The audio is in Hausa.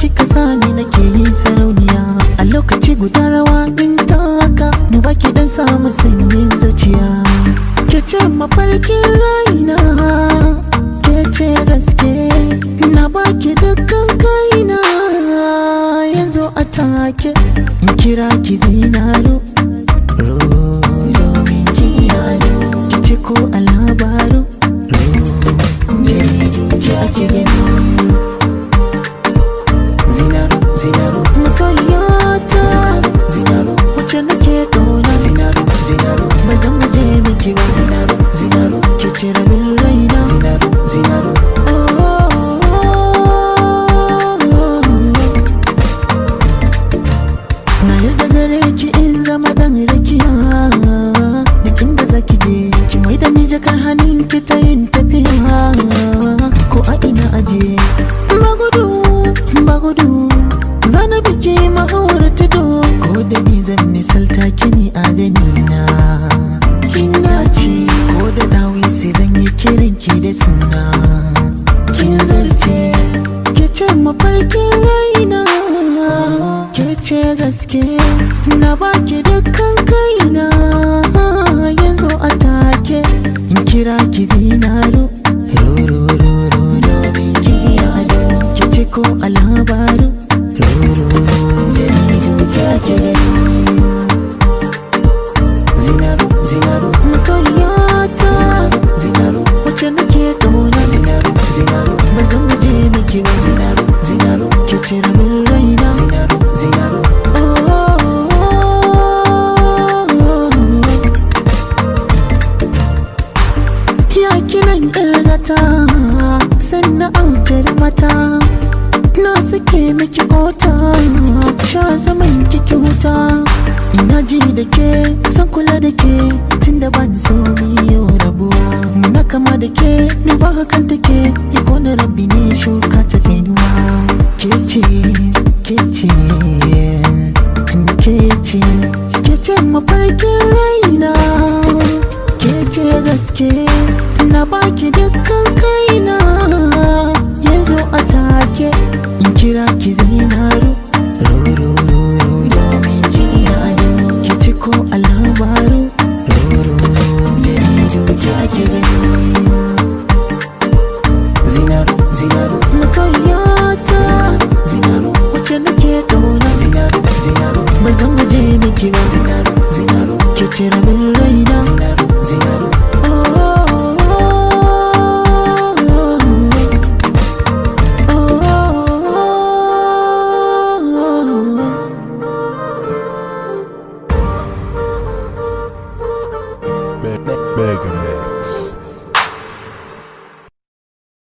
kika sani nake yin sarauniya a lokaci guda rawa in ta haka duba baki dan samu sanyin zuciya ke ce mafarkin raina ke ce gaske na baki dukkan kaina yanzu a take in kira ki zinaro kirinki da suna kin zarce ke ce mafarkin raina ke ce gaske na baki dukkan kaina yanzu a take in kira ki zinaro ro ro ki yado ke ce ko a labaru rorororo mata na sake miki kota sha zaman kiki huta ina ji da ke san kula da ke da ban so mi yau rabuwa na kama da ke ba hakan take ke kona rabbi ne shuka ta kenuwa kece kece kece kece mafarkin raina kece gaske kino zinalo zinalo kyekira mulayina zinalo zinalo Beg him.